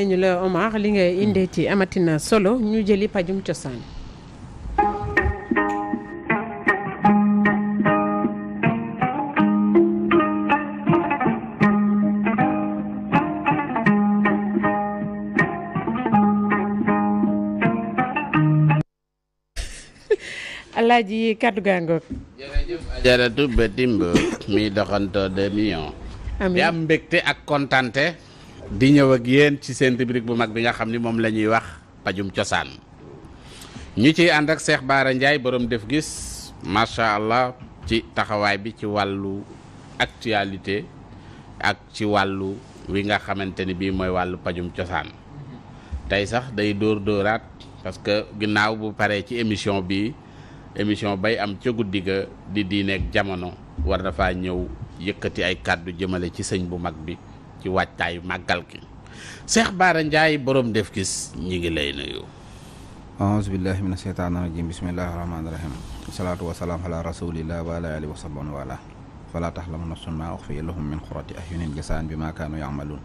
ñu la Omar li nga hmm. indee ci amatina solo ñu jëli pajum cosaan alaaji kàddu gàngoog jërëjëf ajaratu Betimbo mi doxantoo deux millions amiin di am mbégte ak kontante di ñëw ak yéen ci seen rubrique bu mag bi nga xam ni moom la ñuy wax pajum cosaan ñu ciy ànd ak seex Bara Ndiaye borom def gis macha allah ci taxawaay bi ci wàllu actualité ak ci wàllu wi nga xamante ni bii mooy wàllu pajum cosaan tey sax day dóor dóoraat parce que ginnaaw bu paree ci émission bi émission bay am ca guddi ga di diineeg jamono war na ñëw yëkkati ay kàddu jëmale ci sëñ bu mag bi ci wàccaay màggal gi Cheikh Bara Ndiaye borom def gis ñi ngi lay nuyu aousubillahi mina sheytaan rajim bismillahi rahmaani rahim salaatu wasalaam ala rasulillah wa ala alihi wa sahbihi wa ala fala taxlamu nafsun maa uxfiya lahum min xurati ahyunin jasaan bi maa kaanu yamaluun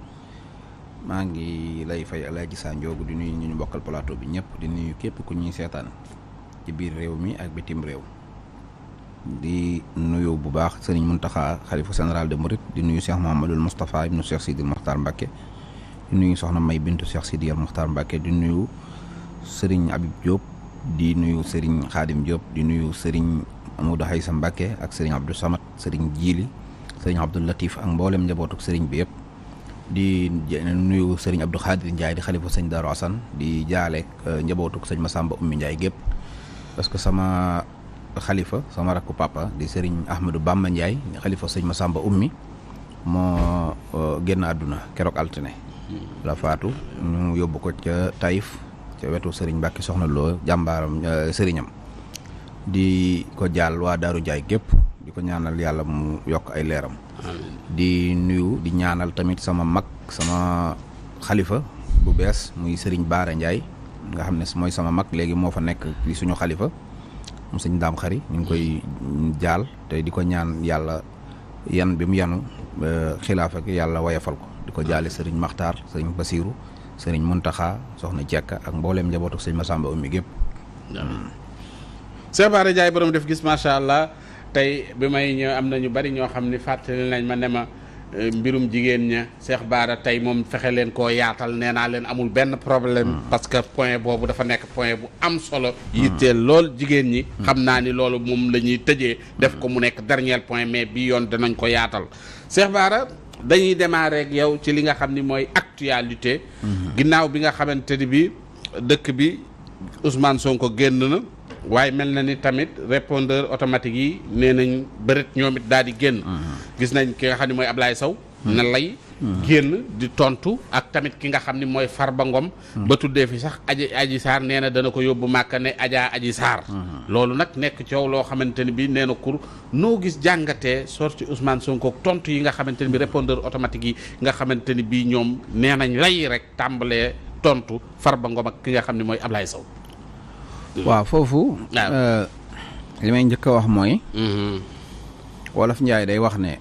maa ngi lay fay alay gisaan joogu di nuy ñu ñu bokkal plateau bi ñëpp di nuyu képp ku ñuy seetaan ci biir réew mi ak bitim réew di nuyu bu baax sëriñ Muntaxa xalifa général de Mouride di nuyu Cheikh Mouhamadul Moustapha ibnu Cheikh Sidil Mokhtar Mbacke di nuyu soxna May bintu Cheikh Sidil Mokhtar Mbacke di nuyu sëriñ Abib Diop di nuyu sëriñ Xaadim Diop di nuyu sëriñ Amadou Haysa Mbacke ak sëriñ Abdou Samad sëriñ Jiili sëriñ Abdou Latif ak mboolem njabootuk sëriñ bi yëpp di nuyu sëriñ Abdou Khadir Ndiaye di xalifa sëñ Darou asan di jaale euh, njabootuk sëñ Massamba Oumy Ndiaye gépp parce que sama. xalifa sama rakku papa di sëriñ Ahmadou Bamba Ndiaye xalifa sëñ Masamba ummi moo euh, génn àdduna keroog altine la faatu ñu yóbbu ko ca Taïf ca wetu sëriñ Mbàkke soxna loo jàmbaaram euh, sëriñam di ko jaal waa Daaru Ndiaye gépp di ko ñaanal yàlla mu yokk ay leeram di nuyu di ñaanal tamit sama mag sama xalifa bu bees muy sëriñ Baara Ndiaye nga xam ne mooy sama mag léegi moo fa nekk li suñu xalifa mu sëñ daam xari ñu ngi koy jaal te di ko ñaan yàlla yan bi mu yanu xilaaf ak yàlla wayafal ko di ko jaale sëriñ maxtaar sëriñ basiiru sëriñ muntaxa soxna cekk ak mbooleem njabootu sëñ masamba ummi gépp Cheikh Bara Ndiaye borom def gis macha allah tey bi may ñëw am na ñu bari ñoo xam ni fàttali nañ ma ne mbirum jigéen ña Cheikh baara tey moom fexe leen koo yaatal nee naa leen amul benn problème hmm. parce que point boobu dafa nekk point bu am solo hmm. yitteel lool jigéen ñi hmm. xam naa ni loolu moom la ñuy tëjee def ko mu nekk dernier point mais bii yoon danañ ko yaatal Cheikh baara dañuy démarrer yow ci li nga xam ni mooy actualité ginnaaw bi nga xamante ni bi dëkk bi Ousmane Sonko génn na waaye mel na ni tamit répondeur automatique yi nee nañ bërit ñoom daal di génn. Mhm. gis nañ ki nga xam ne mooy ab laay saw mhm. na lay. Mhm. génn di tontu ak tamit ki nga xam ni mooy Farba Ngom. ba tuddee fi sax aji aji saar nee na dana ko yóbbu màkk ne ajaa aji saar. loolu nag nekk coow loo xamante ni bii nee na kur noo gis jàngatee sorti Ousmane Sonko tontu yi nga xamante ni bii répondeur automatique yi nga xamante ni bii ñoom nee nañ lay rek tàmbalee tontu Farba Ngom ak ki nga xam ni mooy Ablaye Sow. waaw foofu. Euh, li may njëkk a wax mooy. Mm-hmm. wolof Njaay day wax ne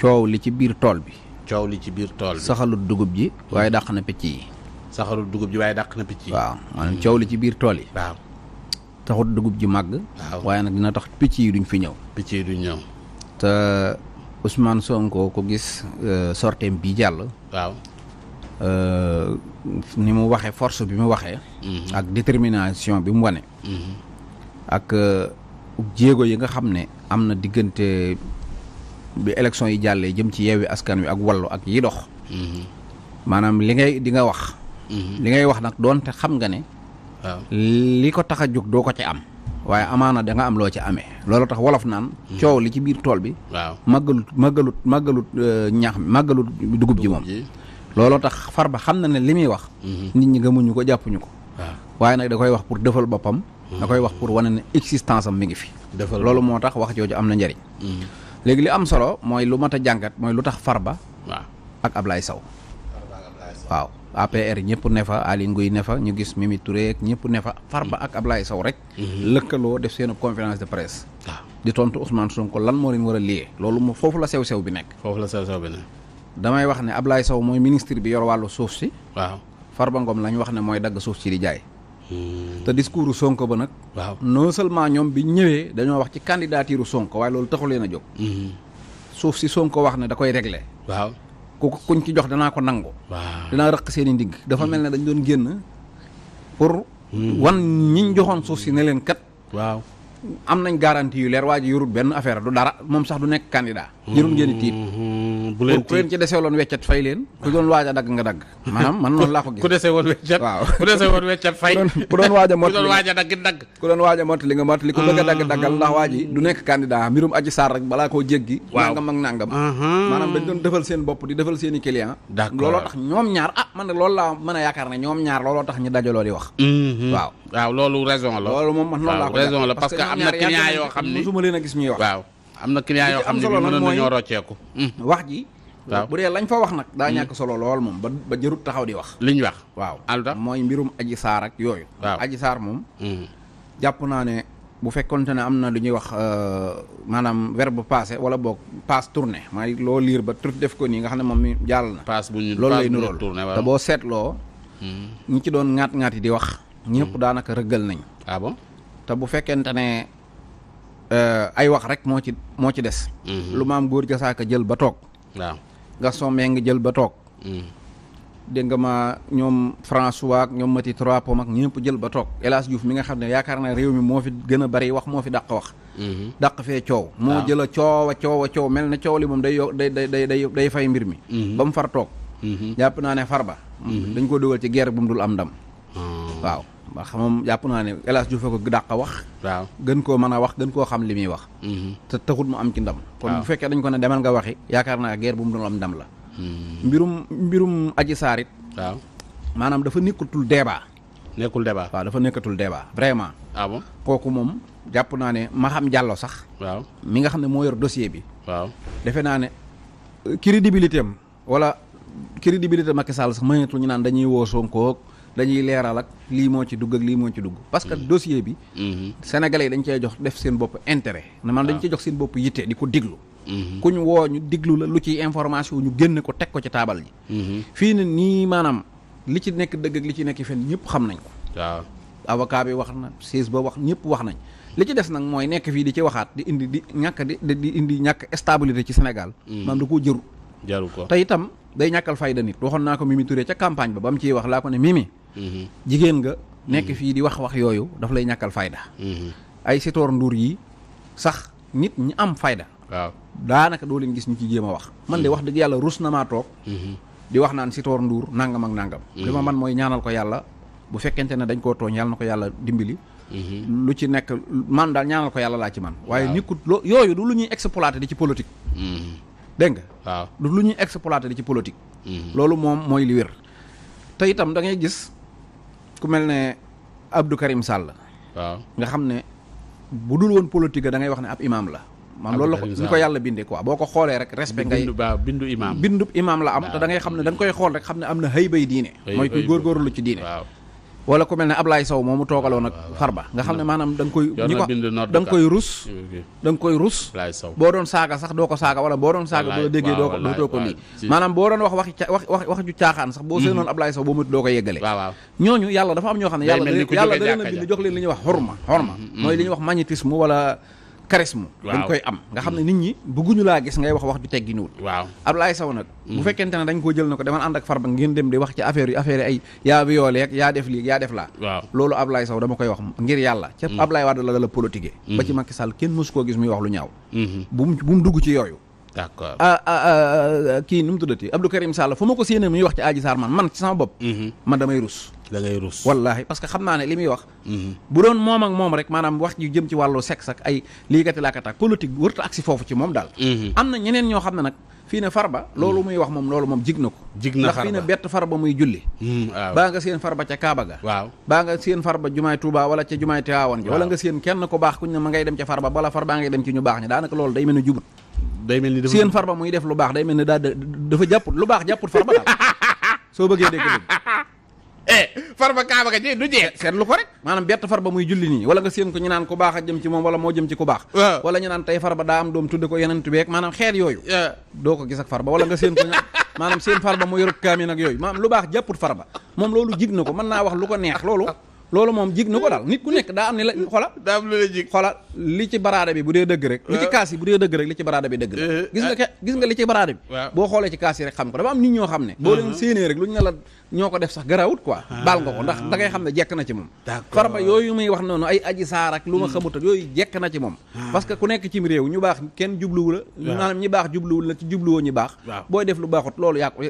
coow li ci biir tool bi. coow li ci biir tool bi dugub ji waaye dàq na picc yi. saxarul dugub ji waaye dàq na picc yi. waaw maanaam coow li ci biir tool yi. waaw taxut dugub ji màgg. waaye nag dina tax picc yi duñ fi ñëw. picc yi duñ te Ousmane Sonko ko gis euh, sorteem bii jàll. waaw Euh, ni mu waxee force bi mu waxee. Mm-hmm. ak détermination bi mu wane. Mm-hmm. ak euh, jéego yi nga xam ne am na diggante bi élection yi jàllee jëm ci yeewi askan wi ak wallu ak yi dox. Mm-hmm. maanaam li ngay dinga wax. li ngay wax nag doonte xam nga ne. waaw li ko tax a jóg doo ko ci am. waaye amaana da nga am loo ci amee. loolu tax wolof naan. coow li ci biir tool bi. waaw màggalut màggalut màggalut euh, ñaax mi màggalut dugub ji moom. looloo tax far ba xam na ne li muy wax. Mhm. nit ñi gëmuñu ko jàppuñu ko. Ah. waaye nag da koy wax pour defal boppam. nga koy wax mhm. pour wane ne existence am mi ngi fi. defal loolu moo tax wax jooju am na njariñ mhm. léegi li am solo mooy lu mat a jàngat mooy lu tax Farba. waaw ak Ablaye saw waaw APR ñëpp ne fa Aly Ngouille ne fa ñu gis Mimi Touré ak ñëpp ne fa ba ak Ablaye saw rek. lëkkaloo def seen conférence de presse. Ah. di tontu Ousmane Sonko lan moo leen war a liyee. loolu mu foofu la sew sew bi nekk. foofu la bi damay wax ne Ablaye Sow mooy ministre bi yor wàllu suuf si. waaw Farba Ngom lañ wax ne mooy dagg suuf si di jaay. Hmm. te discours Sonko ba nag. waaw non seulement ñoom bi ñëwee dañoo wax ci candidature sonk waaye loolu taxu leen a jóg. Hmm. suuf si sonk wax ne da koy réglé. waaw ku kuñ ci jox danaa ko nangu. waaw dinaa rëq seen ndigg. dafa mel ne dañ doon génn pour. Hmm. wan ñiñ joxoon suuf si ne leen kat. waaw am nañ garantie yu leer waa ji yorut benn affaire du dara moom sax du nekk candidat jërul ngeen tiit hmm, bu leen ci desee woon weccat fay leen ku doon waaj a dagg nga dagg maanaam man noonu laa ko gis ku desee woon weccat fay ku a mot ku doon waaj a dagg dagg ku doon waaj a mot li nga mot li ku bëgg a dagg hmm. daggal ndax waa ji du nekk candidat mbirum aji saar rek balaa koo jéggi nangam ak nangam hmm. maanaam dañ doon defal seen bopp di defal seen i client looloo tax ñoom ñaar ah man ne loolu laa mën a yaakaar ne ñoom ñaar looloo tax ñu dajaloo di wax waaw waaw loolu raison la loolu moom man noonu am na client yoo xam ni musuma leen gis ñuy wax waaw am na client yoo xam ne mënoon nañoo rocceeku hmm. wax ji waaw bu dee lañ fa wax nag daa hmm. ñàkk solo lool moom ba ba jërut taxaw di wax liñ wax waaw alda mooy mbirum aji saar ak yooyu aji saar moom hmm. jàpp naa ne bu fekkonte ne am na lu ñuy wax euh, maanaam bu passé wala boog passe tourné maay loo liir ba tur def ko nii nga xam ne moom mi jàll na passe bu ñu loolu lay nurool te boo seetloo ñi ci doon ŋaat ŋaat yi di wax ñëpp daanaka rëggal nañ ah te bu fekkente ne euh, ay wax rek moo ci moo ci des. Mm-hmm. lu maam góor ga saaka jël ba toog. waaw Gaston Mbengue jël ba toog. Mm-hmm. dégg nga ma ñoom François ak ñoom Mati Trois Pommes ak ñëpp jël ba toog El Hadj mi nga xam ne yaakaar naa réew mi moo fi gën a bari wax moo fi dàq wax. Mm-hmm. dàq fee coow. moo jël a coow coow mel ne coow li moom day day day day day fay mbir mi. ba mu far toog. jàpp naa ne far ba. dañ koo dugal ci guerre bu mu dul am ndam. Ah. waaw ndax moom jàpp naa ne El Hadj Diouf ko dàq a wax. gën koo mën a wax gën koo xam li muy wax. Mhm. te taxut mu am ci ndam. kon bu fekkee dañ ko ne demal nga waxi. yaakaar naa guerre bu mu doon am ndam la. Mhm. mbirum mbirum aji saarit waaw maanaam dafa nekkatul débat. nekkul débat waaw dafa nekkatul débat vraiment. ah kooku moom jàpp naa ne ma xam jàllo sax. waaw mi nga xam ne moo yor dossier bi. waaw defe naa ne euh, crédibilité am wala crédibilité Macky Sall sax mëneetul ñu naan dañuy woo Sonko dañuy leeral ak lii moo ci dugg ak lii moo ci dugg parce que mm-hmm. dossier bi mm-hmm. sénégalais yi dañ cee jox def seen bopp intérêt ah. man dañ cee jox seen bopp yitte di ko diglu mm-hmm. ku ñu woo ñu diglu la lu ci information ñu génn ko teg ko ci taabal ji fii ne nii maanaam li ci nekk dëgg ak li ci nekk fen ñëpp xam nañ ko waaw avocat bi wax na siis ba wax ñëpp wax nañ li ci des nag mooy nekk fii di ci waxaat di indi di ñàkk di di indi ñàkk stabilité ci senegal mm. maanaam da koo jëru jaru ko te itam day ñàkkal fayda nit waxoon campagne ba ba mu ciy wax laa ko ne Mimi jigéen nga nekk fii di wax wax yooyu daf lay ñàkkal fayda mm-hmm. ay sitoor nduur yi sax nit ñi am fayda waaw daanaka doo leen gis ñu ci jéem a wax man de mm-hmm. wax dëgg yàlla rus na maa toog mm-hmm. di wax naan sitoor nduur nangam ak nangam li ma man mooy ñaanal ko yàlla bu fekkente ne dañ koo tooñ yàlla na ko yàlla dimbali lu ci nekk man daal ñaanal ko yàlla laa ci man waaye nekkut loo yooyu lu ñuy exploité di ci politique dégg nga waaw lu ñuy exploité di ci politique loolu moom mooy li ku mel ne Abdou Karim Sall. waaw nga xam ne bu dul woon politique da wax ne ab imaam la. maam loolu la ko ni ko yàlla bindee quoi boo ko xoolee rek respect ngay bindu imaam bindu imaam la am te da ngay xam ne da koy xool rek xam ne am na xëy bay diine mooy kuy góorgóorlu ci diine wala ku mel ne Ablaye Sow moomu toogaloon ak Farba nga xam ne maanaam da nga koy ñi ko da nga koy rus da koy rus boo doon saaga sax doo ko saaga wala boo doon saaga boo déggee doo ko dootoo ko nii maanaam boo doon wax waxi wax wax wax ju caaxaan sax boo mhm. seenoon Ablaye Sow boo mut doo ko yeggale ñooñu yàlla dafa am ñoo xam ne yàlla yàlla da a bind jox leen li ñuy wax xorma xorma mhm, mhm. mooy li ñuy wax magnétisme wala charisme dañ koy am nga xam ne nit ñi bëgguñu laa gis ngay wax wax ju tegginuwul waaw Abdoulaye Sow nag bu mm-hmm. fekkente ne dañ koo jël na ko demal ànd ak Farba ngeen dem di wax ci affaire yu affaire ay yaa bi yoolee ak yaa def laa waaw loolu Abdoulaye Sow dama koy wax ngir yàlla ca mm-hmm. Abdoulaye Wade la la politique ba ci mm-hmm. Macky Sall kenn mosu koo gis muy wax lu ñaaw bu mu dugg ci yooyu d'accord ah, ah, ah, kii nu mu tuddati Abdou Karim Sall fu ma ko séenee muy wax ci Adji Sarr man man ci sama bopp. Mhm. man damay rus. da parce que xam naa ne li muy wax. Mhm. bu doon moom ak moom rek maanaam wax ji jëm ci wàllu sexe ak lii kat foofu ci moom daal. Mhm. am na ñeneen ñoo xam ne nag fii ne farba. loolu muy wax moom loolu moom jig na ko. jig na farba ndax fii ne bett julli. waaw baa nga seen farba ca Kaaba ga. waaw baa nga seen farba jumaay Touba wala ca jumaay Tiwaawan ji wala nga seen kenn ko baax kuñ ne ma ngay dem ca farba bala farba ngay dem ci ñu baax ñi daanaka loolu day mel jubut day mel ni dafa seen farba muy def lu baax day mel ni daa dafa jàpput lu baax jàpput farba daal soo bëggee dégg eh farba kaaba ga du jeex seetlu ko rek maanaam bett farba muy julli nii wala nga séen ko ñu naan ku baax a jëm ci moom wala moo jëm ci ku baax wala ñu naan tey farba daa am doom tudde ko yeneen tubeek maanaam xeet yooyu doo ko gis ak farba wala nga séen ko maanaam seen farba mu yorub kaamil ak yooyu maanaam lu baax jàpput farba moom loolu jig na ko mën naa wax lu ko neex loolu loolu moom jig na ko daal nit ku nekk daa am ne la xola xola li ci baraada bi bu dee dëgg rek li ci kaas yi bu dee dëgg rek li ci baraada bi dëgg eh, eh, gis nga ah. gis nga li ci baraada bi boo xoolee ci kaas yi rek xam ko dafa am nit ñoo xam ne boo leen mhm. séenée rek lu ñu ne la ñoo ko def sax garawut quoi ah. baal nga ko ndax da ngay xam ne jekk na ci moom farba yooyu muy wax noonu ay aji saar mm. na ci moom ah. parce que ku nekk cim réew ñu baax kenn jubluwu la maanaam ñi baax jubluwul la ci jubluwoo ñi baax booy def lu baaxut loolu yaa ko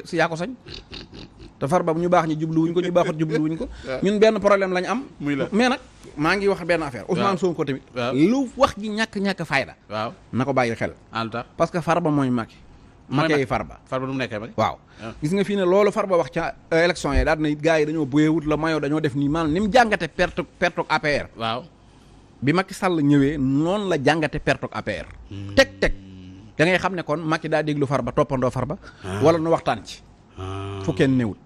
te far ba ñu baax ñi jubluwuñ ko ñu baaxut jubluwuñ ko ñun benn problème lañ am mais nag maa ngi wax benn affaire Ousmane Sonko tamit lu wax ji ñàkk-ñàkk fayda waaw na ko bàyyi xel parce que far ba mooy Macky Macky farba farba nu mu nekkee Macky waaw ah. gis nga fii ne loolu farba wax ca euh, élection yi daal na gars yi dañoo boyeewut la mayoo dañoo def nii maanaam ni mu jàngate perte perte APR waaw bi Macky Sall ñëwee noonu la jàngate perte APR hmm. teg teg da xam ne kon Macky daa déglu ba toppandoo ba ah. wala nu waxtaan ci ah. fu kenn newul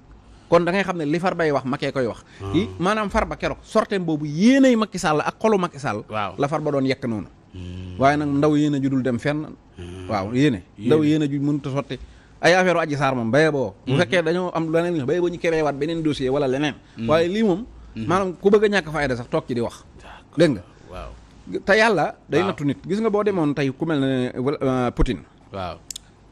kon dangay xam ne li bay wax makee koy wax ah. i maanaam ba keroog sorteem boobu yéenay Macky Sall ak xolu Macky Sall la ba doon yekk noonu hmm. waaye nag ndaw yéene ju dul dem fenn hmm. waaw yéene ndaw yéene ju mënut a sotti ay affaire aji saar moom baye boo bu hmm. fekkee dañoo am leneen li boo ñu créé waat beneen dossier wala leneen waaye lii moom maanaam ku bëgg a ñàkk da sax toog ci di wax dégg nga waaw te yàlla day ah. nattu nit gis nga boo demoon tey ku mel ne euh, Poutine waaw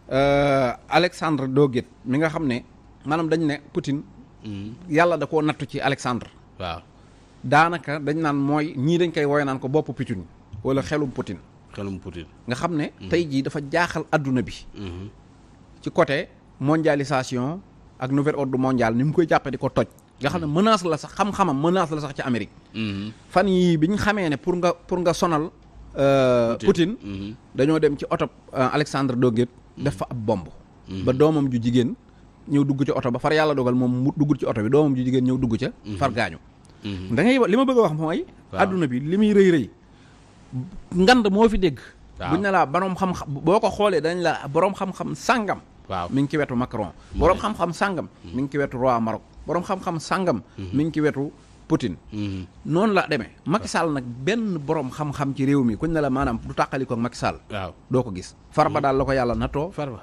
euh, Alexandre Doguet mi nga xam ne maanaam dañ ne Poutine. Hmm. yàlla da koo nattu ci Alexandre. waaw daanaka dañ naan mooy ñii dañ koy woy naan ko bopp Poutine wala xelum Poutine. xelum Poutine nga xam ne. Hmm. tey jii dafa jaaxal adduna bi. Hmm. ci côté mondialisation ak nouvel ordre mondial ni mu koy jàppee di ko toj. nga xam ne menace la sax xam-xamam menace la sax ci Amérique. fan yii bi ñu xamee ne pour nga pour nga sonal. Euh, Poutine dañoo dem ci oto euh, Alexandre Doguet def fa ab bomb. ba doomam ju jigéen. ñëw dugg ci oto ba far yàlla dogal moom mu duggul ci oto bi doomam ju jigéen ñëw dugg ca mhm. far gaañu mhm. da ngay li ma bëgg a wax mooy àdduna bi li muy rëy rëy ngand moo fi dégg buñ ne laa boo ko xoolee dañ la boroom xam-xam sàngam waaw mi ngi ci wetu Macron boroom xam sàngam mhm. mi ngi ci wetu roi Maroc boroom xam-xam sàngam mi ngi ci wetu Poutine noonu laa demee Macky Sall nag benn boroom xam-xam ci réew mi kuñ na la maanaam du tàqali ko Macky Sall doo ko gis farba daal la ko yàlla natoo farba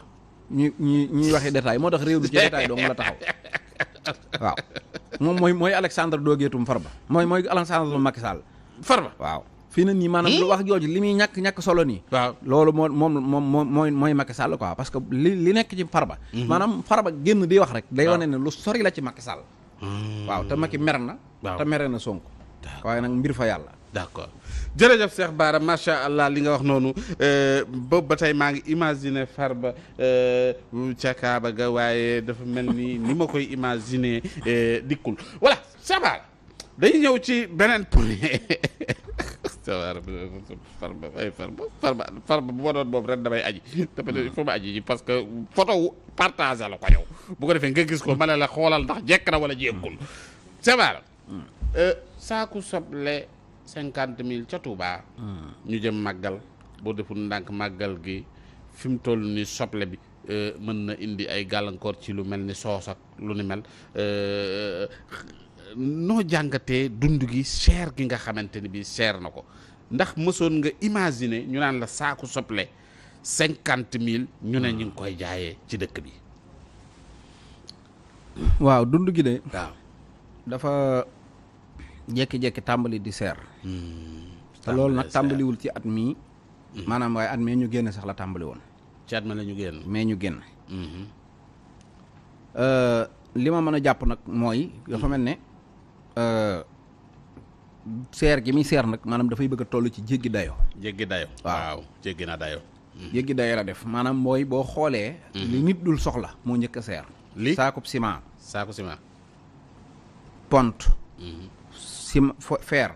ñuy ñuy ñuy waxee détail moo tax réew bi ci détail dong la taxaw waaw moom mooy mooy Alexandre Doogeetum Farba mooy mooy Alexandre Macky Sall Farba waaw fii na nii maanaam lu wax jooju li muy ñàkk ñàkk solo nii. waaw loolu moo moom moom mooy mooy Macky Sall quoi parce que li li nekk ci Farba. Mhm. maanaam Farba génn di wax rek. day wane ne lu sori la ci Macky Sall. Hmm. waaw te Macky mer na. te mere na Sonko. waaye nag mbir fa yàlla. d'accord jërëjëf Cheikh Bara macha allah li nga wax noonu euh, boobu ba tey maa ngi imaginer Farba euh, ca Kaaba ga waaye dafa mel ni ni ma koy imaginer euh, dikkul voilà Cheikh Bara dañu ñëw ci beneen point Farba ay ba Farba Farba bu ma doon boobu ren damay aji dafa il faut ma aji parce que photo wu la ko yow bu ko defee nga gis ko ma la xoolal ndax jekk na wala jekkul Cheikh saaku soble cinquante mille ca Touba. Hmm. ñu jëm màggal boo deful ndànk màggal gi fi mu toll ni soble bi euh, mën na indi ay gàllankoor ci lu mel ni soos ak lu ni mel euh, noo jàngatee dund gi cher gi nga xamante ni bi cher na ko ndax mësoon nga imaginer ñu naan la saaku soble cinquante mille ñu ne ñu ngi koy jaayee ci dëkk bi waaw dund gi de waaw jékki-jékki tàmbali di seer hmm. te loolu nag tàmbaliwul ci at mii hmm. maanaam waaye at mee ñu génn sax la tàmbali woon ci at ma la ñu génn mais ñu génn hmm. euh, li ma mën a jàpp nag mooy dafa mel ne euh, seer gi muy seer nag maanaam dafay bëgg a toll ci jéggi dayo jéggi dayo waaw jéggi na dayo jéggi dayo la def maanaam mooy boo xoolee li nit dul soxla moo njëkk a seer li saakub ciment saaku ciment pont ciment fer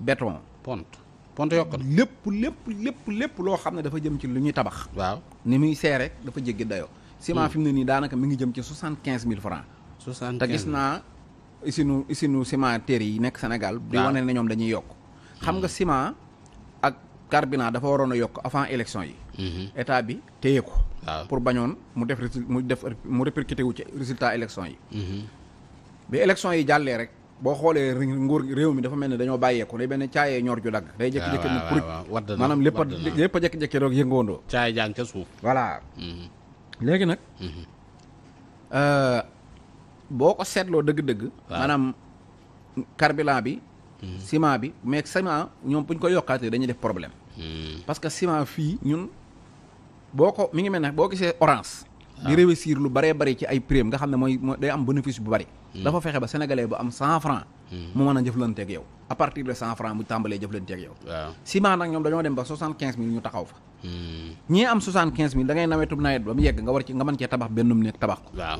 béton pont pont yokk na lépp lépp lépp lépp loo xam ne dafa jëm ci lu ñuy tabax waaw ni muy seere dafa jéggi dayoo ciment hmm. fi mu ne nii daanaka mi ngi jëm ci soixante quinze mille francs soixante te gis naa isinu isinu ciment terre yi nekk Sénégal di wane ne ñoom dañuy yokk xam nga hmm. ciment ak carburant dafa waroon a yokk avant élection yi hmm. état bi téye ko pour bañoon mu def mu def mu répercuté wu ci résultat élection yi bi élection yi jàllee rek boo xoolee nguur réew mi dafa mel ne dañoo bàyyeeku day benn caayee ñor ju dagg day jékki-jékki ne pour maanaam lépp lépp a jékki-jékki roog yëngoondoo caaye jàng ca suuf voilà mhm. léegi nag mhm. euh, boo ko seetloo dëgg-dëgg maanaam carburant bi mhm. ciment bi mais ciment ñoom buñ ko yokkaatee dañuy def problème parce que ciment fii ñun boo ko mi ngi mel ne boo gisee orange di ah. réussir lu baree bari ci ay prime nga xam ne mooy day am bénéfice bu bari dafa fexe ba sénégalais bu am cent franc mu mën a jëflanteeg yow à partir de cent franc mu tàmbalee jëflanteeg yow waaw ciment nag ñoom dañoo dem ba soixante quinze mille ñu taxaw fa hmm. ñii am soixante quinze mille da ngay nawetub nawet ba mu yegg nga war ci nga mën ee tabax bennum nekk tabax ko waaw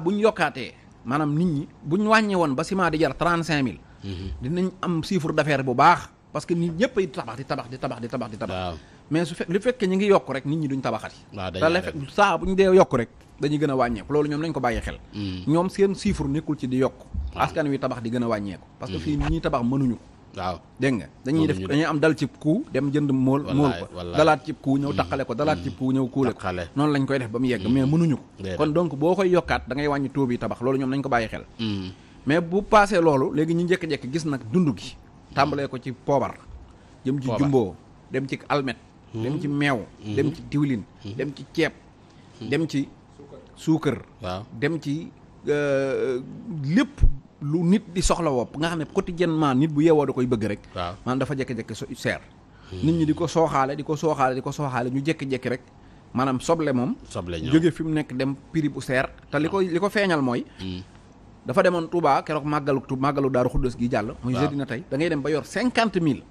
bu buñ yokkaatee maanaam nit ñi buñ wàññe woon ba ciment di jar trente cinq mille hmm. dinañ am chiffre d'affaires bu baax parce que nit ñëpp ay tabax di tabax di tabax di tabax di tabax mais su fekk li fekkee ñu ngi yokk rek nit ñi duñ tabaxati da la fekk saa bu ñu dee yokk rek dañuy gën a wàññeeku loolu ñoom nañ ko bàyyi xel hmm. ñoom seen chiffre nekkul ci di yokk askan wi tabax di gën a wàññeeku parce que hmm. fii ñi tabax mënuñu waaw dégg nga dañuy def dañuy am dal cib kuu dem jënd mool mool ko dalaat cib kuu ñëw hmm. taqale ko dalaat cib ñëw kuule ko noonu lañ koy def ba mu yegg mais mënuñu ko kon donc boo koy yokkaat da ngay wàññi taux bi tabax loolu ñoom lañ ko bàyyi xel mais bu paasee loolu léegi ñu njëkk-njëkk gis nag dund gi tàmbalee ko ci poobar jëm ci jumboo dem ci almet dem ci meew dem ci diwlin dem ci ceeb dem ci suukar waaw dem ci euh, lépp lu nit di soxla wopp nga xam ne quotidiennement nit bu yeewoo da koy bëgg rek maanaam dafa jekki jékki so hmm. nit ñi di ko sooxaale di ko sooxaale di ko sooxaale ñu jékki rek maanaam soble moom soble jóge fi mu nekk dem prix bu seer te li ko li ko feeñal mooy hmm. dafa demoon Touba keroog màggalu tu màggalu daaru xuddos gi jàll muy jeudi na tey da ngay dem ba yor cinquante mille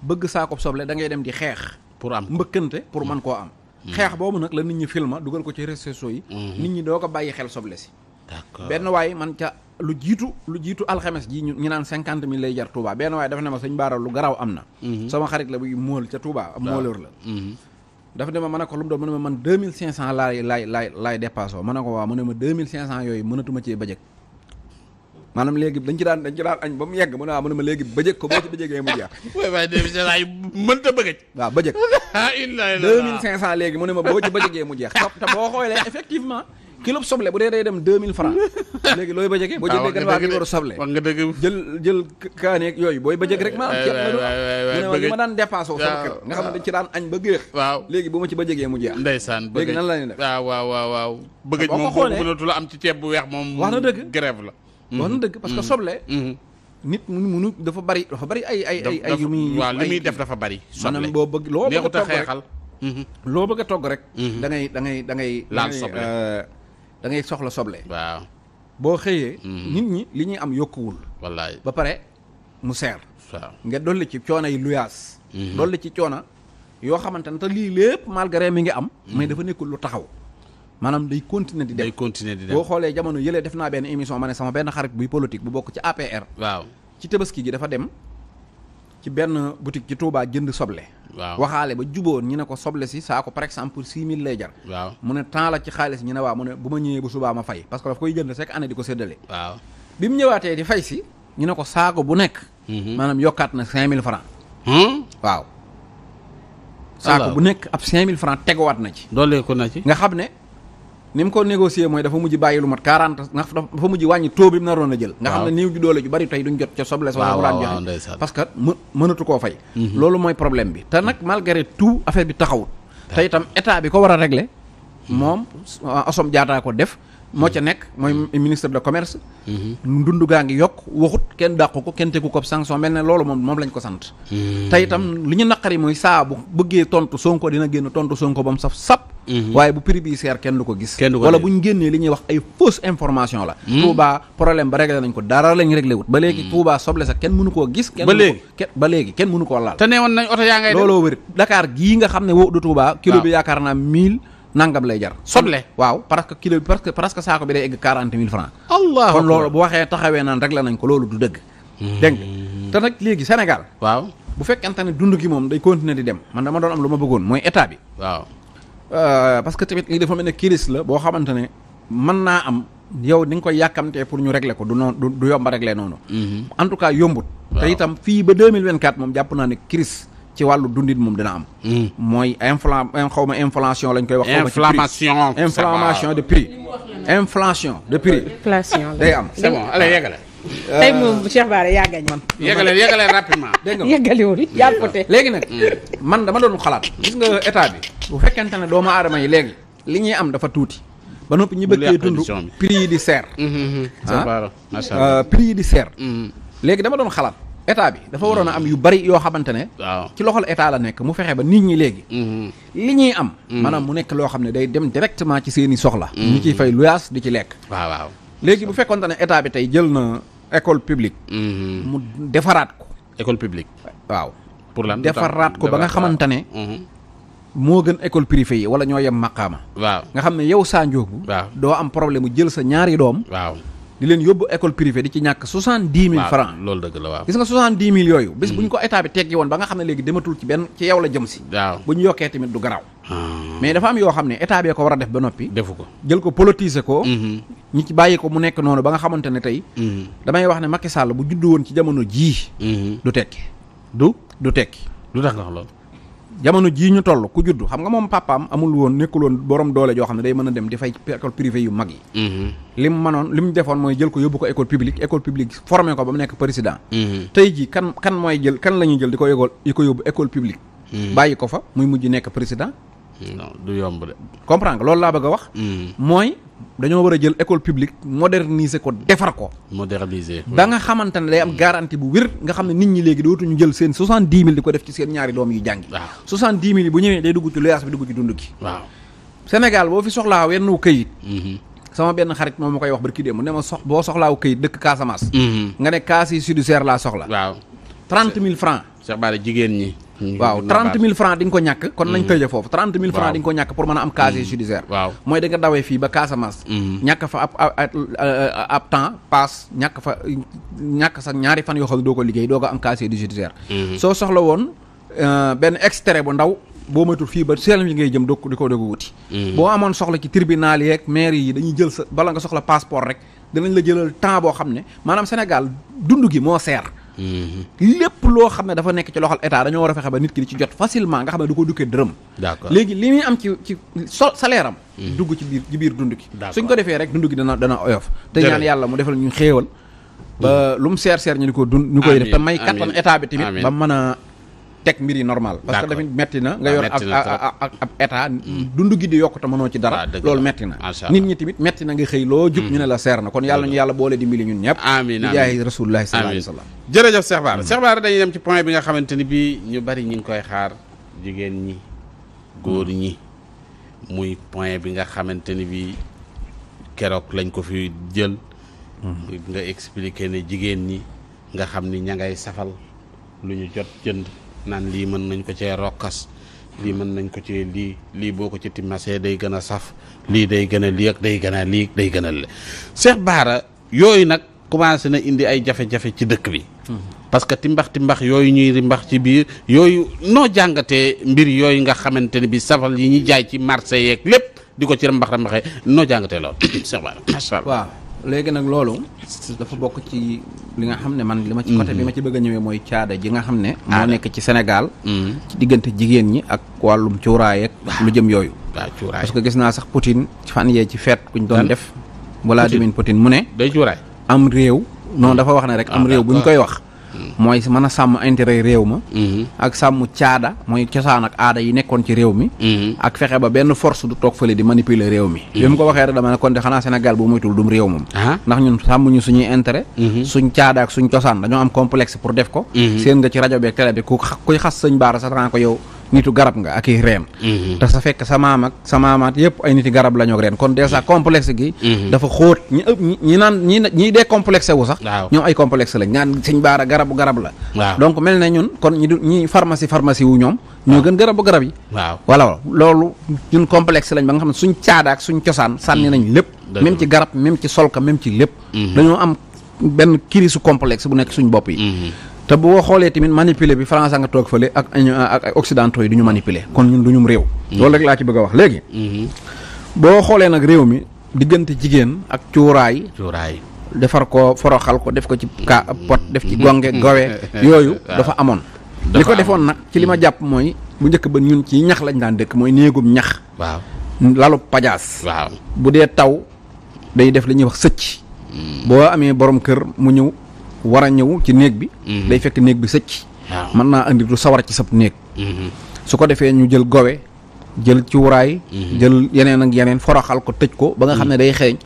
bëgg saako soble da ngay dem di xeex pour am mbëkkante pour mm. man koo am. Mm. xeex boobu nag la nit ñi filma dugal ko ci réseaux sociaux yi. Mm-hmm. nit ñi doo ko bàyyi xel soble si. d'accord benn waay man ca lu jiitu lu jiitu alxames ji ñu naan cinquante mille lay jar Touba benn waay dafa ne ma sëñ Baara lu garaaw am na. Mm-hmm. sama xarit la buy mool ca Touba. mooleur la. Mm-hmm. dafa ne ma mën a ko lu mu doon mu ne ma man deux mille cinq cent laay laay laay laay ko waaw mu ne ma deux mille cinq cent yooyu mënatuma cee bëjëg maanaam léegi dañ ci daan dañ ci daan añ ba mu yegg mu ne ah mu ne ma léegi bëjëg ko boo ci bëjëgee mu jeex. waaye waaye déedéet sa laay mënta bëgëj. waaw bëjëg. léegi mu ma boo ci bëjëgee mu jeex. te boo xoolee effectivement kilo soble bu dee day dem deux mille francs léegi looy bëjëgee. boo jëlee ah, gën waa gi war a soble. nga dëgg jël jël kaaneeg yooyu booy bëjëg rek ma am. waay waay ma daan nga xam ci daan añ ba géex. léegi bu ma ci bëjëgee mu jeex. ndeysaan bëgg léegi nan la ñuy waaw waaw waaw bëgg moom boo mënatu la am ci ceeb bu weex moom. wax na dëgg grève la wax na mhm. dëgg parce que mhm. soble mhm. nit mu munu dafa bari dafa bari ay ay ay ay yu muy waaw muy def dafa bari maanaam boo bëgg loo bëgg a togg rek loo bëgg a togg rek da ngay da da ngay laal soble euh, soxla soble waaw boo xëyee nit ñi li ñuy am yokkuwul wallaay ba pare mu seer nga dolli ci coono yi lu luyaas dolli ci coono yoo xamante ne te lii lépp malgré mi ngi am mais dafa nekkul lu taxaw maanaam day continuer di dem day continuer di boo xoolee jamono yëlee def naa benn émission ma ne sama benn xarit buy politique bu bokk ci APR. ci tabaski gi dafa dem ci benn boutique ci Touba jënd soble. waaw waxaale ba juboon ñu ne ko soble si saa par exemple pour mille lay jar. waaw mu ne temps la ci xaalis ñu ne waaw mu ne bu ma ñëwee bu subaa ma fay parce que daf koy jënd chaque année di ko séddale. bi mu ñëwaatee di fay si. ñu ne ko saako bu nekk. Mm-hmm. maanaam yokkaat na 5000 francs hmm? waaw. saako bu nekk ab 5000 francs teguwaat na ci. dooleeku na ci nga xam ne. ni mu ko négocier mooy dafa mujj bàyyi lu mat 40 ndax dafa mujj wàññi taux bi mu naroon a jël nga xam ne néew ju doole ju bari tey duñ jot ca sobles wala mu daan joxe parce que mënatu koo fay mhm. loolu mooy problème bi te nag malgré tout affaire bi taxawut te itam état bi ko war a régler moom asom jaataa ko def moo ca nekk mooy ministre de commerce. dund gaa ngi yokk waxut kenn dàqu ko kenn tegu ko sanction mel ne loolu moom moom lañ ko sant. te itam li ñu naqari mooy saa bu bëggee tontu Sonko dina génn tontu Sonko ba mu saf sap. waaye bu prix bi seer kenn du ko gis. wala bu ñu génnee li ñuy wax ay fausse information la. Hmm? Touba problème ba réglé nañ ko dara lañ réglé wut. ba léegi hmm. Touba soble sax kenn mënu koo gis. ba kenn ba léegi kenn mënu koo laal. te neewoon nañ oto yaa ngay looloo wër Dakar nga xam ne woo du yaakaar naa 1000. nangam lay jar. soble waaw parce que kilo parce que parce que saako bi day egg quarante mille francs. allah kon loolu bu waxee taxawee naan rek la nañ ko loolu du dëgg. Hmm. dégg nga te nag léegi Sénégal. waaw bu fekkente ne dund gi moom day continuer di dem man dama doon am lu ma bëggoon mooy état bi. waaw euh, parce que tamit lii dafa mel ne kiris la boo xamante ne mën naa am. yow ni nga koy yàkkamtee pour ñu régler ko du noonu du yomba régler noonu. Hmm. en tout cas yombut. te itam fii ba deux mil vingt quatre moom jàpp naa ne crise ci wàllu dundin moom dina am. Hmm. mooy infla xaw ma inflation lañ koy wax. inflammation inflammation de prix. inflation de prix. inflation day am c'est bon allez yeggale. Euh, tey moom Cheikh Bara yaa gañ man. yeggale yeggale rapidement. dégg nga yeggaliwul léegi nag hmm. man dama doon xalaat. gis nga état bi. bu fekkente ne doomu aadama yi léegi. li ñuy am dafa tuuti. ba noppi ñu bëggee dund prix yi di seer. Hmm, ah euh, prix yi di seer. léegi dama doon xalaat. état bi dafa waroon a am yu bari yoo xamante ne. ci loxol état la nekk mu fexe ba nit ñi léegi. Mhm. li ñuy am. Mhm. maanaam mu nekk loo xam ne day dem directement ci seen i soxla. Mhm. ñu ciy fay luyaas di ci lekk. waaw léegi bu fekkonte ne état bi tey jël na école publique. mu defaraat ko. école publique. waaw pour lan defaraat ko ba nga xamante ne. moo gën école privée yi wala ñoo yem maqaama. waaw nga xam ne yow saa doo am problème mu jël sa ñaari doom. waaw. di leen yóbbu école privée di ci ñàkk soixante dix mille francs loolu dëgg la waaw gis nga soixante dix mille yooyu bis mm. bu ñu ko état bi teggi woon ba nga xam ne léegi dematul ci benn ci yow la jëm si bu ñu yokkee tamit du garaaw ah. mais dafa am yoo xam ne état bee ko war a def ba noppi defu ko jël ko politiser ko mm-hmm. ñi ci bàyyi ko mu nekk noonu ba nga xamante ne tey mm-hmm. damay wax ne Macky Sall bu juddu woon ci jamono jii mm-hmm. du tekki du du tekki lu tax nga wax loolu jamono jii ñu toll ku juddu xam nga moom papaam amul woon nekkul woon borom doole joo xam ne day mën a dem di fay école privée yu mag yi. Mhm. li mu mënoon li mu defoon mooy jël ko yóbbu ko école publique école publique formé ko ba mu nekk président. Mhm. tey jii kan kan mooy jël kan la ñuy jël di ko yóbbu di ko yóbbu école publique. Mhm. bàyyi ko fa muy mujj nekk président. du yomb de. comprendre nga loolu laa bëgg a wax. Hmm. mooy dañoo war a jël école publique moderniser ko defar ko. moderniser ba nga xamante ne day am garantie bu wér nga xam ne nit ñi léegi dootuñu jël seen soixante dix mille di ko def ci seen ñaari doom yu jàngi. soixante dix mille yi bu ñëwee day dugg ci loyaas bi dugg ci dund gi. waaw boo fi soxlaa wenn këyit. Mm-hmm. sama benn xarit moom ma koy wax barki démb ne ma sox boo soxlaaw këyit dëkk Casamance. Mm-hmm. nga ne cas yi judiciaire laa soxla. waaw trente mille francs. Cheikh Bara jigéen ñi. waaw trente mille francs di nga ko ñàkk kon nañ mm. tëje foofu trente mille francs di nga ko ñàkk pour mën a am casier mm. judiciaire waaw mooy da nga dawee fii ba Casamance mm. ñàkk fa ab ab temps passe ñàkk fa ñàkk sax ñaari fan yoo xam ne doo ko liggéey doo ko am casier judiciaire mm-hmm. soo soxla woon euh, benn extrait bu ndaw boo matul fii ba seelam yi ngay jëm doo di ko doo ko wuti mm-hmm. boo amoon soxla ci tribunal yeeg maire yi dañuy jël sa bala nga soxla passeport rek dinañ la jëlal temps boo xam ne maanaam Sénégal dund gi moo seer Mm-hmm. lépp loo xam ne dafa nekk ci loxol état dañoo war a fexe ba nit ki di ci jot facilement nga xam ne du ko dukkee dërëm d'accord léegi li muy am ci ci so salaire am mm-hmm. dugg ci biir ci biir dund gi suñ ko defee rek dund gi dana dana oyof te ñaan yàlla mu defal ñu xéewal ba mm-hmm. lu mu seer seer ñu di ko dund ñu koy def te may kattan état bi tamit ba mën a teg mbir yi normal parce que tamit metti na nga ah, yor ab ab état dundu gi di yokk te mënoo ci dara ah, loolu metti na nit ñi tamit metti na nga xëy loo jub ñu ne la seer na kon yàlla ñu yàlla boole dimbali ñun ñëpp amiin amiin jaay rasulullahi sallallahu alayhi wasallam jërëjëf Cheikh Bara Cheikh Bara dañuy dem ci point ñu bari ñu ngi koy xaar jigéen ñi góor ñi muy point bi nga xamante ni bii keroog lañ ko fi jël mm-hmm. nga expliqué ne jigéen ñi nga xam ni ña ngay safal lu ñu jot jënd naan lii mën nañ ko cee rokkas lii mën nañ ko ci lii lii boo ko ci timmasee day gën a saf lii day gën a lii ak day gën a lii day gën a le Cheikh Baara yooyu nag commencé na indi ay jafe-jafe ci dëkk bi mm-hmm. parce que timbax timbax yooyu ñuy rimbax ci biir yooyu noo jàngatee mbir yooyu nga xamante ne bi safal yi ñuy jaay ci marché yeeg lépp di ko ci mbax rambax rambaxee noo jàngatee lool Cheikh Baara macha Allah waaw léegi nag loolu dafa bokk ci li nga xam ne man li ma ci côté bi mm-hmm. ma ci bëgg ñëwee mooy caada ji nga xam ne moo nekk ci Sénégal mm-hmm. ci diggante jigéen ñi ak wàllum cuuraay ak lu jëm yooyu waaw parce que gis naa sax Poutine ci fan yee ci feet kuñ doon def Vladimir Poutine mu ne day cuuraay am réew noonu mm. dafa wax ne rek am ah, réew bu ñu koy wax mooy mën a sàmm intérêt réew ma mhm. ak sàmm caada mooy cosaan ak aada yi nekkoon ci réew mi mhm. ak fexe ba benn force du toog fële di manipuler réew mi mhm. bi mu ko waxee rek dama ne kon de xanaa Sénégal bu moytul dum réew moom ah. ndax ñun sàmm ñu suñuy intérêt suñ caada ak suñ cosaan dañoo am complexe pour def ko seen nga ci rajo beeg télé bi ku kuy xas sëñ baara sa ko yow nitu garab nga ak i reen mhm. te sa fekk sa maam ak sa maamaat yëpp ay niti garab la ñoo reen kon dèjà mhm. complexe gi mhm. dafa xóot ñi ëpp ñi naan ñi ñiy dee complexé wu sax ñoom ay complexe lañ naan sëñ baara garabu garab la donc mel na ñun kon ñi ñi pharmacie pharmacie wu ñoom ñoo gën garabu garab yi waaw voilà loolu ñun complexe lañ ba nga xam ne suñ caada ak suñ cosaan sànni nañ lépp même ci garab même ci solka même ci lépp dañoo am benn kirisu complexe bu nekk suñ bopp yi te boo xoolee tamit manipuler bi France nga toog fële ak ak ay occidentaux yi du ñu kon ñun du ñum réew. Mm-hmm. loolu laa ci bëgg a wax mm-hmm. xoolee nag réew mi diggante jigéen ak cuuraay. cuuraay defar ko foroxal ko def ko ci kaa pot def ci mm-hmm. gonge gowe yooyu ah. dafa amoon. li ko defoon nag ci li ma jàpp mooy bu njëkk ba ñun ci ñax lañ daan dëkk mooy néegum ñax. waaw lalu pajaas. waaw bu dee taw day def li ñuy wax sëcc. Mm. boo amee boroom kër mu ñëw. war a ñëw ci néeg bi. Mhm. day fekk néeg bi sëcc. mën naa andi du sawar ci sab néeg. Mhm. su ko defee ñu jël gowe jël cuuraay. Mhm. jël yeneen ak yeneen foroxal ko tëj ko ba nga xam ne day xeeñ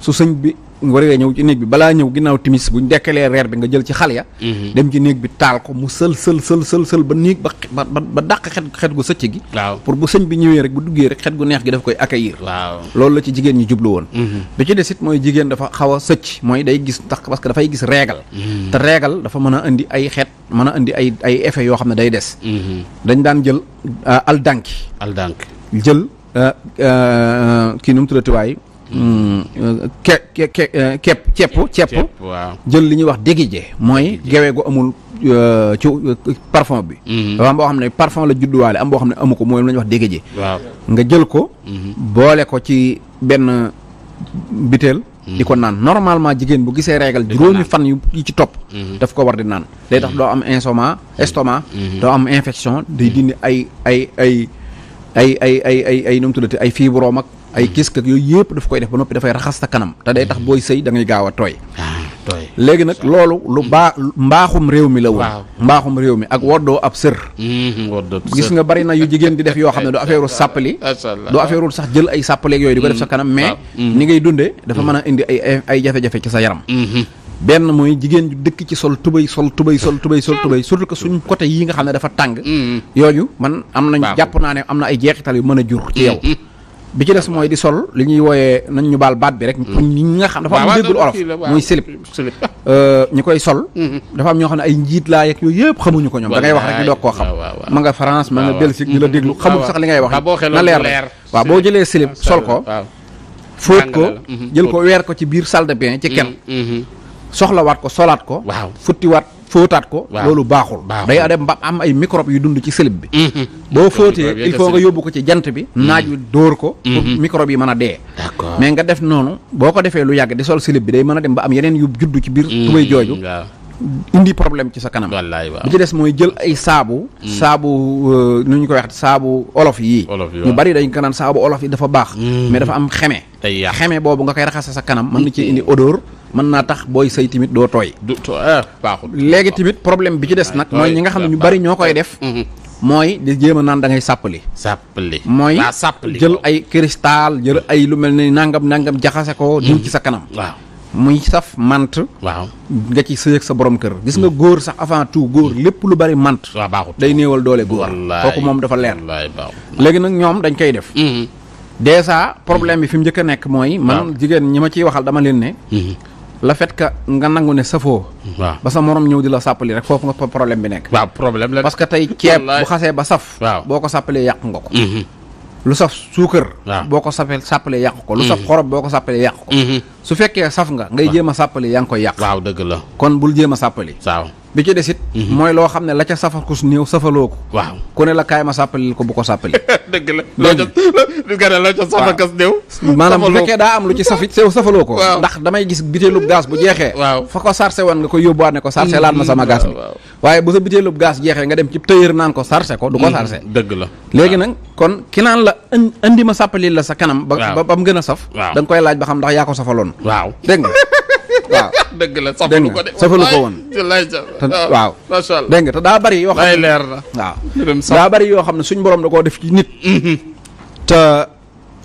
su sëñ bi waree ñëw ci néeg bi balaa ñëw ginnaaw timis buñ dekkalee reer bi nga jël ci xal ya mhm. dem ci néeg bi taal ko mu sël sël sël sël sël ba néeg ba ba ba dàq xet xet gu sëcc gi waaw pour bu sëñ bi ñëwee rek bu duggee rek xet gu neex gi daf koy accueillir waaw loolu la ci jigéen ñi jublu woon mhm. bi ci des it mooy jigéen dafa xaw a sëcc mooy day gis tax parce que dafay gis reegal mhm. te reegal dafa mën a indi ay xet mën a indi ay ay effet yoo xam ne day des dañ daan jël euh, aldanki aldank jël euh, euh, kii nu mu Hmm, ke ke ke eh, kepp cepp cepp jël li ñuy wax dégijee mooy gewee gu amul euh, ci euh, parfum bi hmm. dafa boo xam ne parfum la judduwaale am boo xam ne amu ko mooy lañuy ñuy wax dégijee nga jël ko hmm. boole ko ci benn biteel di ko naan normalement jigéen bu gisee règle juróomi fan yu ci topp daf ko war di naan day tax doo am insomma estomac doo am infection di dindi ay ay ay ay ay ay ay ay nu tuddati ay fibrom ak ay kisk ak yooyu yëpp daf koy def ba noppi dafay raxas sa kanam te day tax booy sëy da ngay gaaw a tooy ah, léegi nag loolu lu baa mbaaxum réew mi la woon mbaaxum réew mi ak mm-hmm, woddoo ab sër gis nga bari na yu jigéen di def yoo xam ne du affaireu sàppali du affaireu sax jël ay sàppaleeg yooyu di ko def sa kanam mais mm-hmm, ni ngay dundee mm-hmm. dafa mën a indi ay ay jafe-jafe ci sa yaram benn mooy jigéen ju dëkk ci sol tubay sol tubay sol tubay sol tubay surtout que suñ côté yi nga xam ne dafa tàng yooyu man am nañ jàpp naa ne am na ay jeexital yu mën a jur ci yow bi ci des mooy di sol li ñuy wooyee nañ ñu baal baat bi rek. pour nga xam dafa am déggul olof muy silip silip euh, koy sol. Mm-hmm. dafa am ñoo xam ne ay njiit laa yeeg yooyu yëpp xamuñu ko ñoom. da ngay wax rek ñu doog koo xam. ma nga France ma nga Belgique di la déglu mm-hmm. xamul sax li ngay wax. na leer boo jëlee silip sol ko. fóot ko mm-hmm. jël ko weer ko ci biir salle de ci kenn. soxlawaat ko solaat ko. waaw futtiwaat. fóotaat ko loolu baaxul day adem ba am ay microbe yu dund ci sëlib bi mm-hmm. boo fóotee il faut nga yóbbu ko ci jant bi mm-hmm. naaj wi dóor ko pour mm-hmm. microbe yi mën a dee d'accord mais nga def noonu boo ko defee lu yàgg di sol sëlib bi day mën a dem ba am yeneen yu juddu ci biir tubay jooju indi problème ci sa kanam bi ci des mooy jël ay saabu mm. saabu euh, nu ñu koy wax saabu olof yi ñu bari dañ ko naan saabu olof yi dafa baax mais dafa am xeme xeme boobu nga koy raxase sa kanam mën na ci indi odeur mën naa tax booy sëy tamit doo tooy. Ah, baaxul léegi tamit problème bi ci des ah, nag. mooy ñi nga xam ne ñu bari ñoo koy def. Mm-hmm. mooy di jéem a naan da ngay li sàppali mooy jël ay cristal jël ay lu mel ni nangam nangam jaxase ko. Mm-hmm. diw ci sa kanam. waaw muy saf mant. waaw nga ci sëyeeg sa borom kër. gis nga mm-hmm. góor sax avant tout góor lépp lu bari mant. waaw baaxul day néewal doole góor. kooku moom dafa leer. léegi nag ñoom dañ koy def. dèjà problème bi fi mu njëkk a nekk mooy. man jigéen ñi ma ciy waxal dama leen ne. le fait que nga nangu ne safoo. waaw ba sa morom ñëw di la sàppali rek foofu nga problème bi nekk. waaw problème la parce que tey ceeb bu xasee ba saf. waaw boo ko sàppalee yàq nga ko. Mhm. lu saf suukar. waaw boo ko safee sàppalee yàq ko. lu mhm. saf xorom boo ko sàppalee yàq ko. Mhm. su fekkee saf nga ngay ah. jéem a sàppali yaa ngi koy yàq waaw dëgg la kon bul jéem a sàppali waaw bi ci des it mhm. mooy loo xam ne la ca safakus néew safaloo ko waaw ku ne la kaay ma sàppalil ko bu ko sàppali dëgg la loo ca la ca safakas néew maanaam daa am lu ci safit sew safaloo damay gis bitéelub gaz bu jeexee waaw fa ko sarse woon nga koy yóbbuwaat ne ko sarse laat ma sama gaz bi waaye bu sa bitéelub nga dem ci tëyër naan ko sarse ko du ko sarse mhm. dëgg la léegi nag kon ki naan la indi ma sàppalil la sa kanam ba ba mu gën a saf da koy laaj ba xam ndax yaa ko safaloon waaw dégg nga dëgg la safalu ko de ko woon waaw macha allah te daa bari yoo xam ne leer na waaw bari yoo xam ne suñ borom da koo def ci nit mhm. te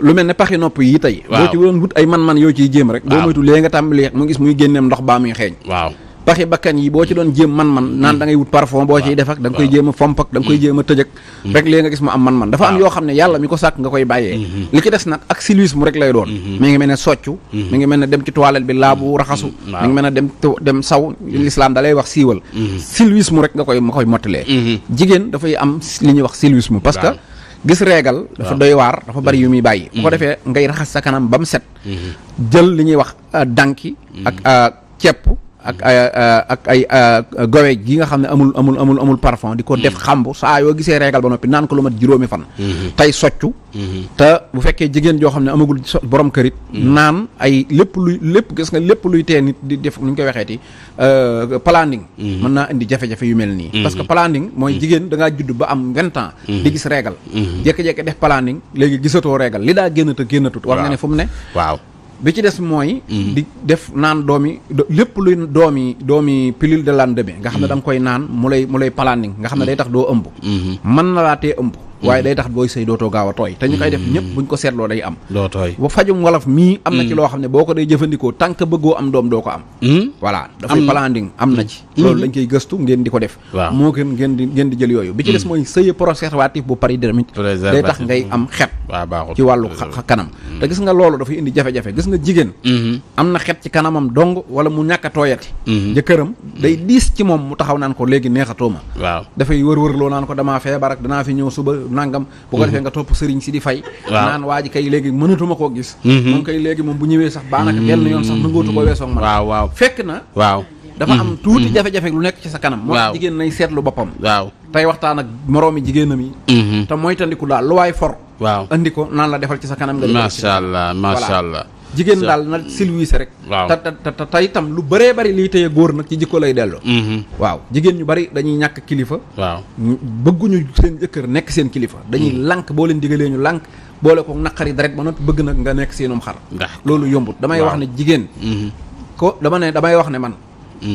lu mel ni paxi nopp yi tey boo ci woon wut ay man-man yoo ciy jéem rek boo moytu léegi nga tàmbali mu ngis muy génneem ndox baa muy xeeñ waaw paxi bakkan yi boo ci doon jéem man-man naan da ngay wut parfum boo ciy def ak da nga koy jéem a fomp ak da koy mm. jéem a tëj ak mm. rek léegi nga gis mu am man-man dafa am yoo xam ne yàlla mi ko sàkk nga koy bàyyee mm-hmm. li ci des nag ak silwis mu rek lay doon mm-hmm. mi ngi ne soccu mm-hmm. mi ngi mel ne dem ci toilette bi laabu raxasu mi ngi mel ne dem saw lislaam da lay wax siiwal silwis mu rek nga koy nga koy mottalee jigéen dafay am li ñuy wax silwis mu parce que gis reegal dafa doy waar dafa bari yu muy bàyyi bu ko defee ngay raxas sa kanam ba mu set jël li ñuy wax euh, dànki ak euh, cepp ak ay euh, ak ay euh, gowe gi nga xam ne amul amul amul amul parfum di ko def mm. xambu saa yoo gisee régal ba noppi naan ko lu mat juróomi fan mm-hmm. tey soccu mm-hmm. te bu fekkee jigéen joo xam ne amagul borom kërit mm-hmm. naan ay lépp luy lépp gis nga lépp luy tee nit di def nu ñu koy waxeeti euh, planning mën naa indi jafe-jafe yu mel nii parce que planning mooy jigéen dangaa judd ba am vingt ans di gis régal jékki-jékki def planning léegi gisatoo régal li daa génn te génnatut wax nga mu ne waaw bi ci des mooy. Mhm. di def naan doomi lépp luy doomi doomi pilule de lendemain nga xam ne mhm. danga koy naan mu lay mu lay planning nga xam ne mhm. day tax doo ëmb. mën na laa tee ëmb. waaye hmm. day tax booy sëy dootoo gaaw a tooy te ñu koy def hmm. ñëpp buñ ko seetloo day am fajum wolof mii am na ci hmm. loo xam ne boo ko day jëfandikoo tant que bëggoo am doom doo ko am voilà dafay planning am na ci loolu dañ koy gëstu ngeen di ko def waaw moo gën ngeen di ngeen di jël yooyu bi des mooy sëy préservatif bu pari dérmit day tax ngay am xet ci wàllu gis nga loolu dafay indi jafe-jafe gis nga jigéen am na xet ci kanamam dong wala mu ñàkk a tooyati jëkkëram day diis ci moom mu taxaw naan ko léegi neexatoo ma waaw dafay wër wër loo naan ko damaa feebar danaa fi ñëw suba nangam bu ko defee nga topp sëriñ si di fay naan waa ji kay léegi mënatuma koo gis mhm. moom kay léegi moom bu ñëwee sax baanaka benn yoon sax nangootu ko weesoog man waaw waaw fekk na waaw dafa am mhm. tuuti mhm. jafe-jafe lu nekk ci sa kanam moo tax jigéen nay seetlu boppam waaw tey waxtaan ak moroomi jigéenam yi te mooy tandiku daal lu waay for waaw andi ko naan la defal ci sa kanam nga masha allah masha allah jigéen daal na silwiise rek waaw ta ta tey itam lu bëree bari li téye góor nag ci jikko lay delloo mm-hmm. waaw jigéen ñu bari dañuy ñàkk kilifa waaw bëgguñu seen jëkkër nekk seen kilifa dañuy mm-hmm. lànk boo leen digalee ñu lànk boole ko naqari direct ba noppi bëgg nag nga nekk seenum xar loolu yombut damay wax ne jigéen mm-hmm. ko dama ne damay wax ne man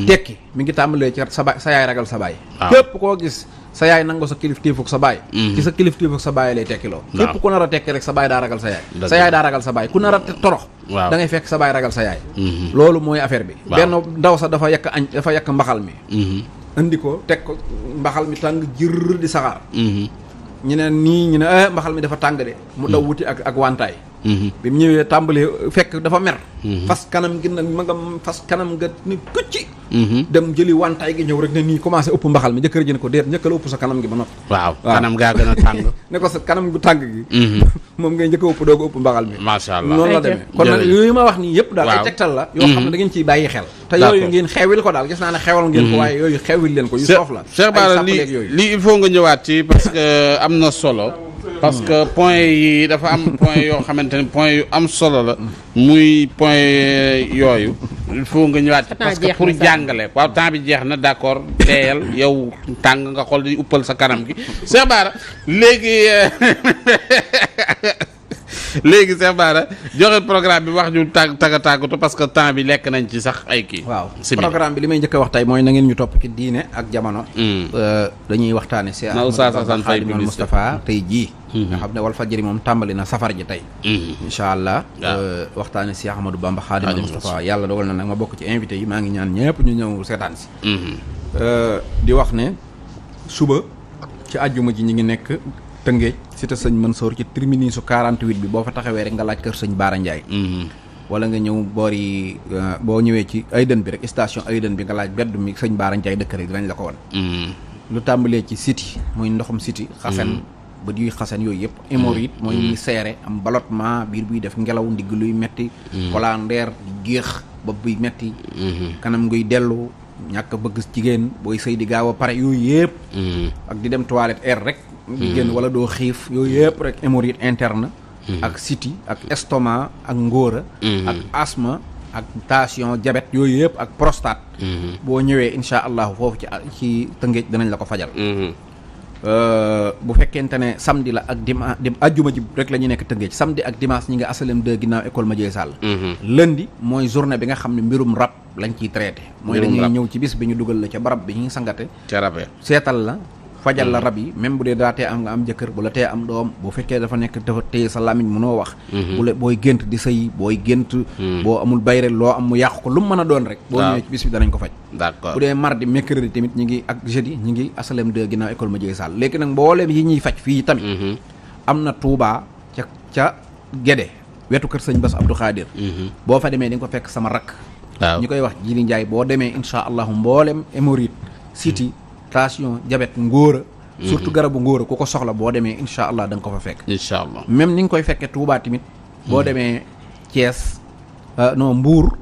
tekki mu ngi tàmbalee ci sa sa yaay ragal sa baay képp koo gis sa yaay nangoo sa kilifteef ak sa baay mhm. ci sa kilifteef ak sa baay lay tekkiloo képp ku nar a tekki rek sa baay daa ragal sa yaay sa yaay daa ragal sa baay ku nar a torox waaw fekk sa baay ragal sa yaay mhm. loolu mooy affaire bi benn ndaw sa dafa yekk añ dafa yekk mbaxal mi mhm. indi ko teg ko mbaxal mi tàng jër di saxaar ñu ne nii ñu ne eh, mbaxal mi dafa tàng de mu daw wuti ak ak wantaay Mm-hmm. bi mu ñëwee tàmbalee fekk dafa mer. Mm-hmm. fas kanam gi nag ma nga fas kanam nga ni kucci mm-hmm. dem jëli wantaay gi ñëw rek ne nii commencé ëpp mbaxal mi jëkkër ji ne ko déet njëkk la ëpp sa kanam gi ba noppi. waaw kanam gaa gën a tàng. ne ko sa kanam gu tàng gi. moom ngay njëkk a ëpp doog a ëpp mbaxal mi. macha allah noonu la demee kon nag yooyu ma wax nii yëpp daal ay tegtal la. yoo xam ne da ngeen ciy bàyyi xel. te yooyu ngeen xewil ko daal gis naa ne xewal ngeen ko waaye yooyu xewil leen ko yu soof la. ay sàpp leeg yooyu na solo parce que point yi dafa am point yoo xamante ne point yu am solo la muy point yooyu il faut nga ñëwaat parce que pour jàngale waaw temps bi jeex na d'accord teeyal yow tàng nga xool di uppal sa kanam gi Cheikh Bara léegi euh, léegi Cheikh Bara joxe programme bi wax ñu tàgg tàgg tàggatu parce que temps bi lekk nañ ci sax ay ki waaw programme bi li may njëkk a wax tey mooy na ngeen ñu topp ci diine ak jamono. Hmm. Euh, dañuy waxtaane si. na Oustaz Assane Faye Moustapha tey jii. Hmm. nga xam ne Walfadjri moom tàmbali na safar ji tey hmm. incha allah euh, waxtaane si Ahmadou Bamba Xaadimal Mustafa yàlla dogal na nag ma bokk ci invité yi maa ngi ñaan ñëpp ñu ñëw seetaan si euh, di wax ne suba ci àjjuma ji ñu ngi nekk Tëngéej cité sëñ Mansour ci terminus su 48 bi boo fa taxawee rek nga laaj kër sëñ Baara Ndiaye. Mm-hmm. wala nga ñëw boor euh, boo ñëwee ci Aïdane bi rek station Aïdane bi nga laaj beddu mi sëñ Baara Ndiaye dëkk rek dinañ la ko won mm-hmm. lu tàmbalee ci siti mooy ndoxum cité. xasen mm-hmm. ba yuy xasen yooyu yëpp. hémorroïde mooy ñuy seere am ballottement biir buy def ngelaw ndigg luy metti. wala ndeer di géex bopp buy metti. kanam nguy dellu. ñàkk bëgg jigéen booy sëy di gaaw a pare yooyu yëpp. Mm. ak di dem toilette air rek. Mm. di wala doo xiif yooyu yëpp rek hémorroïde interne. Mm. ak siti ak estomac ak ngóora. Mm-hmm. ak asma ak tension jabet yooyu yëpp ak prostate. Mm-hmm. boo ñëwee incha allah foofu ci ci tëngéej danañ la ko fajal. Mm-hmm. Euh, bu fekkente ne samedi la ak dimanche di ajjuma ji rek la ñu nekk tëngee ci samedi ak dimanche ñi nga asalem de ginnaaw école Madiaye Sall mm-hmm. lundi mooy journée bi nga xam ne mbirum rab lañ ciy traité mooy dañuy ñëw ci bis bi ñu dugal la ca barab bi ñuy sangate ca rabe seetal la fajal la mm-hmm. rab yi même bu dee daa am nga am jëkkër bu la tee am doom bu fekkee dafa nekk dafa téye sa mu noo wax mm-hmm. bu booy gént di sëy booy gént mm-hmm. boo amul bayre loo am mu yàqu ko lu mu mën a doon rek boo ñëwee ci bis bi danañ ko faj d'accord bu dee mardi mercredi tamit ñi ngi ak jeudi ñi ngi asalem 2 ginnaaw école ma jege sall léegi nag mbooleem yi ñuy faj fii tamit am na Touba ca ca Gédé wetu kër sëñ Bass Abdou Khadir boo fa demee di ko fekk sama rakk waaw koy wax Jili Njaay boo demee incha allahu mboolem émorite siti tension diabète ngóora mhm. surtout garabu ngóora ku ko soxla boo demee incha allah da nga ko fa fekk incha allah même ni nga koy fekkee Touba tamit boo mhm. demee Thiès euh, non Mbour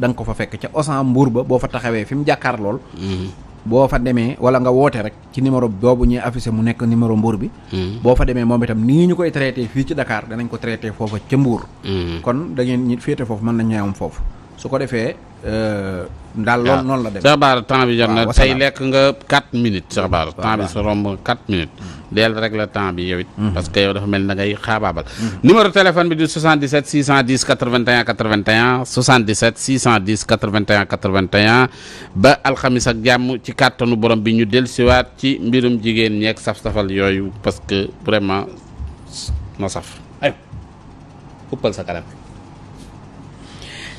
da ko fa fekk ca Osan mbuur ba boo fa taxawee fi mu jàkkaar lool mhm. boo fa demee wala nga woote rek ci numéro boobu ñuy affiché mu nekk numéro mbuur bi boo fa demee moom itam nii ñu koy traité fii ci Dakar danañ ko traité foofa ca mbuur kon da ngeen ñi féete foofu mën nañ ñooy am foofu su ko defee daal lool noonu la demee. Cheikh Bara temps bi jot na tey lekk nga 4 minutes. Cheikh Bara temps bi sa romb 4 minutes. Mm. deel rek la temps bi yow it. Mm. parce que yow dafa mel na ngay xaabaabal. Mm. numéro téléphone bi du di 77 610 81 81 77 610 81 81 ba alxamis ak jàmm ci kàttanu borom bi ñu dellusiwaat ci mbirum jigéen ñeek saf-safal yooyu parce que vraiment na saf. aywa uppal sa kanam.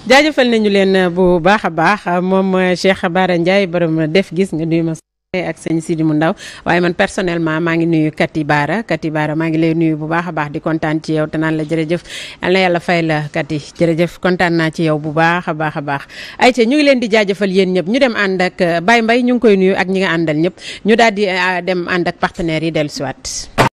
jaajëfal nañu leen bu baax a baax moom Cheikh Bara Ndiaye borom def gis nga nuyu ma ak sëñ Sidi mu ndaw waaye man personnellement maa ngi nuyu Kati Bara Kati baara maa ngi lay nuyu bu baax a baax di kontaan ci yow te naan la jërëjëf yal na yàlla fay la Kati jërëjëf kontaan naa ci yow bu baax a baax a baax ay ayca ñu ngi leen di jaajëfal yéen ñëpp ñu dem ànd ak Baye Mbaye ñu ngi koy nuyu ak ñi nga àndal ñëpp ñu daal di ah, dem ànd ak partenaires yi dellusiwaat